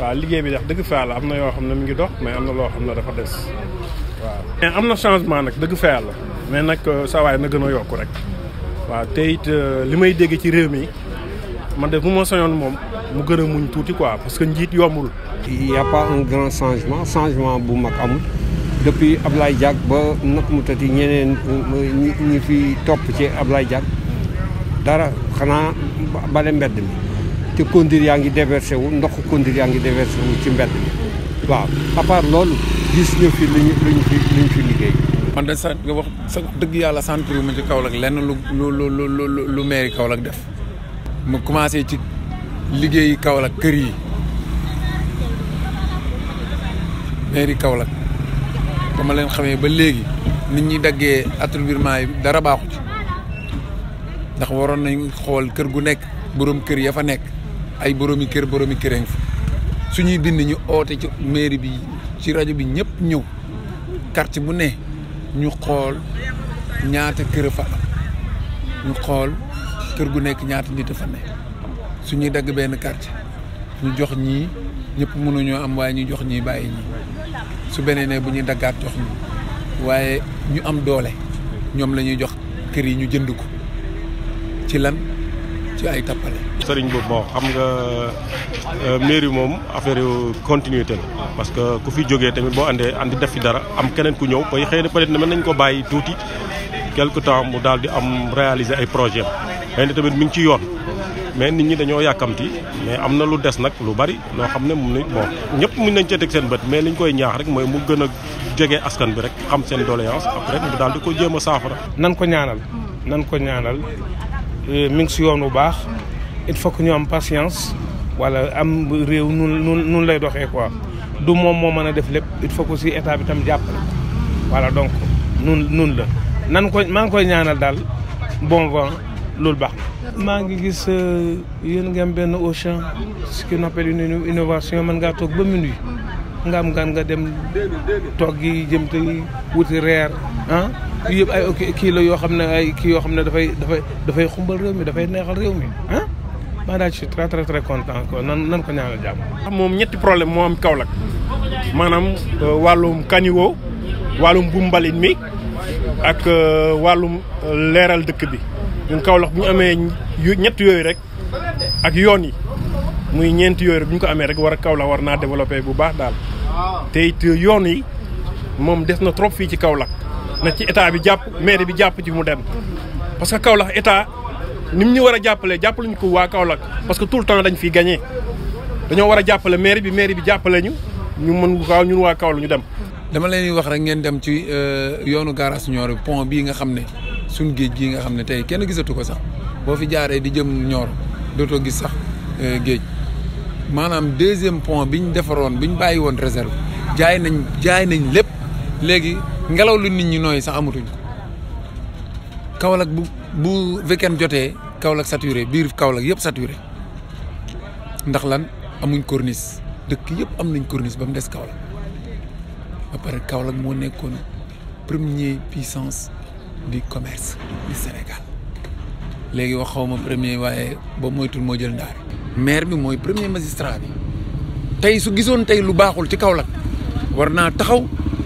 waaw liggéey bi dax dëgg fa yàlla am na yoo xam ne mu ngi dox mais am na loo xam ne dafa des waaw. mais am na changement nag dëgg fa yàlla mais nag euh, saa na gën a yokku rek waa te it euh, li may dégg ci réew mi man de bu ma soñoon moom mu gën a muñ tuuti quoi parce que njiit yombul. il un grand changement changement bu mag amul depuis Ablaye Diack ba nag mu tëti ñeneen ñi fi topp ci ab Ablaye Diack. dara xanaa bale mbedd mi te kondir yaa ngi déversé wu ndoxu kondir yaa ngi déversé ci mbedd mi waaw à part loolu gis ñu fi luñu luñ fi liggéey man de sa nga wax dëgg yàlla sentir ma ci Kaolack lenn lu lu lu lu lu mairie Kaolack def mu commencé ci liggéey liggéeyi Kaolack kër yi mairie Kaolack ba ma leen xamee ba léegi nit ñi daggee attribuement yi dara baaxu ndax waroon nañu xool kër gu nekk boroom kër ya fa nekk ay boroomi kër boroomi kër fa suñuy bind ñu oote ci mairie bi ci rajo bi ñëpp ñëw quartier bu ne ñu xool ñaata kër fa am ñu xool kër gu nekk ñaata nit fa ne suñuy dagg benn quartier ñu jox ñii ñëpp mënuñoo am waaye ñu jox ñii bàyyi ñii su beneen ne bu ñuy daggaat jox ñii waaye ñu am doole ñoom lañuy jox kër yi ñu jënd ko ci lan ci ay tappale sëriñ boobu moo xam nga euh, mairie moom affaire yu continuité la parce que ku fi jógee tamit boo àndee andi def fi dara am keneen ku ñëw koy xëy na peut-être mën nañ ko bàyyi tuuti quelque temps mu daal di am réaliser ay projet xëy na tamit mi ngi ci yoon mais nit ñi dañoo yàkkamti mais am na lu des nag lu bari noo xam ne mun nañ bon ñëpp mun nañ cee seen bët mais li ñu koy ñaax rek mooy mu gën a jege askan bi rek xam seen doléance après mu daal di ko jéem a saafara nan ko ñaanal nan ko ñaanal nous euh, ngi il faut que nous am patience Voilà, am réew nous lay quoi du il faut aussi état bi tam voilà donc nous nous la nan ko Nous koy ñaanal dal. bon vent lool bax. Mangi gis euh, ce appelle une innovation man nga tok ba minuit nga am dem jëm te wuti hein? yëpp ay kii la yoo xam ne ay kii yoo xam ne dafay dafay dafay xumbal réew mi dafay neexal réew mi ah maa daal je suis très très très content nan ko ñaanal jàmm. moom ñetti problème moo am Kaolack maanaam euh, wàllum caniveau wàllum bumbalit mi ak euh, wàllum euh, leeral dëkk bi ñun Kaolack bu ñu amee ñetti yooyu rek ak yoon yi muy ñeenti yooyu rek bu ñu ko amee rek war a Kaolack war naa développé bu baax daal te yoon yi moom des na trop fii ci Kaolack. na ci état bi japp maire bi japp ci mu dem parce que Kaolack état nim ñu wara jappalé jàppale ko wa Kaolack parce que tout le temps dañ fi gagner dañu wara jappalé maire bi maire bi jappalé ñu ñu mën wa ñun wa Kaolack ñu dem. dama leen wax rek ngeen dem ci euh, yoonu garage ñor pont bi nga xamné ne geej gi nga xamné tay kenn gisatu ko sax bo fi jaaré di jëm ñor doto gis sax euh, geej manam deuxième pont biñ ñu biñ bi réserve jaay nañ jaay nañ lepp léegi ngelaw lu nit ñi nooy sax amatuñ ko Kaolack bu bu weekend jotee Kaolack saturé biir Kaolack yëpp sature ndax lan amuñ corniche dëkk yëpp am nañ corniche ba mu des Kaolack ba pare Kaolack moo nekkoon premier puissance du commerce du Sénégal léegi wax xaw ma premier waaye ba moytul moo jël ndaar maire bi mooy premier magistrat bi tey su gisoon tey lu baaxul ci Kaolack war naa taxaw.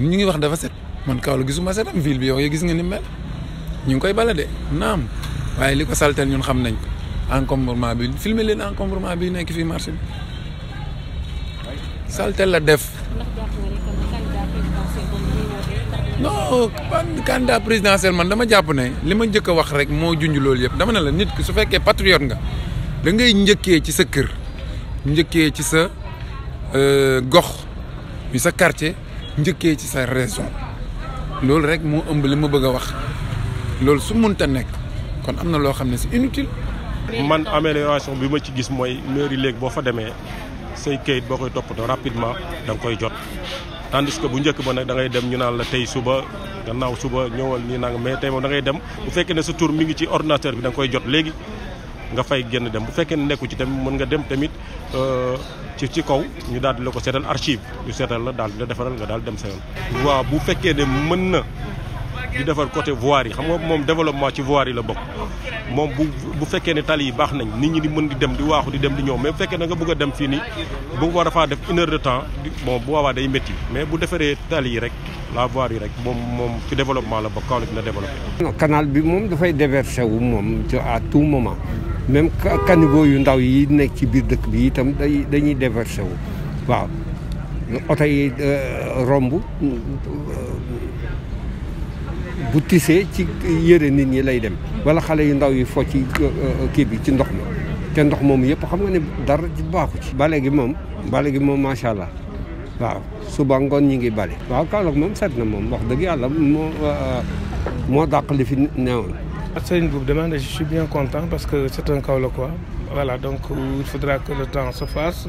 ñu ngi wax dafa set man Kaolack gisuma setam ville bi yow ya gis nga ni mel ñu koy balade naam waye Liko saltel ñun xam nañ encombrement bi filmé len encombrement bi nek fi marché bi saltel la def non candidat présidentiel man dama japp ne lima jëk wax rek mo juñju lool yépp dama ne la nit ki su fekkee patriote nga da ngay ñëkke ci sa kër ñëkke ci sa euh, gox bi sa quartier C'est ci sa raison C'est rek moo ëmb li ma bëgg wax su kon c'est inutile. man amélioration bi ma ci gis mooy mairie léegi boo fa demee say kayit tandis que bu njëkk ba nag dem ñu naan la tey suba gannaaw suba ñëwal nii mais dem bu fekkee ne sa mi ngi ci ordinateur bi koy jot nga fay Euh, ci ci kaw ñu daal di la ko seetal archive ñu seetal la daal di la defaral nga daal dem sa yoon. waaw bu fekkee ne mën na di defar coté voirie yi xam nga moom développement ci voirie yi la bokk moom bu bu fekkee ne tali yi baax nañ nit ñi di mën di dem di waaxu di dem di ñëw mais fekkee da nga bëgg dem fii nii bu war a faa def une heure de temps bon bu boobaa day métti mais bu defaree tali yi rek. la voirie rek moom moom ci développement la ba Kaolack na développé. canal bi moom dafay déverser wu moom tout moment. même caniveau yu ndaw yi nekk ci biir dëkk bii itam day dañuy déversé wu waaw oto yi euh, romb euh, bu tisee ci yére nit ñi lay dem wala xale yu ndaw yi fo ci euh, kii bi ci ndox mi te ndox moom yëpp xam nga ne dara baaxu ci bale gi moom bale gi moom macha allah waaw suba ngoon ñi ngi bale waaw Kaolack moom set na moom wax dëgg yàlla moo moo dàq li fi newoon C'est une demande et je suis bien content parce que c'est un cas quoi. Voilà, donc il faudra que le temps se fasse.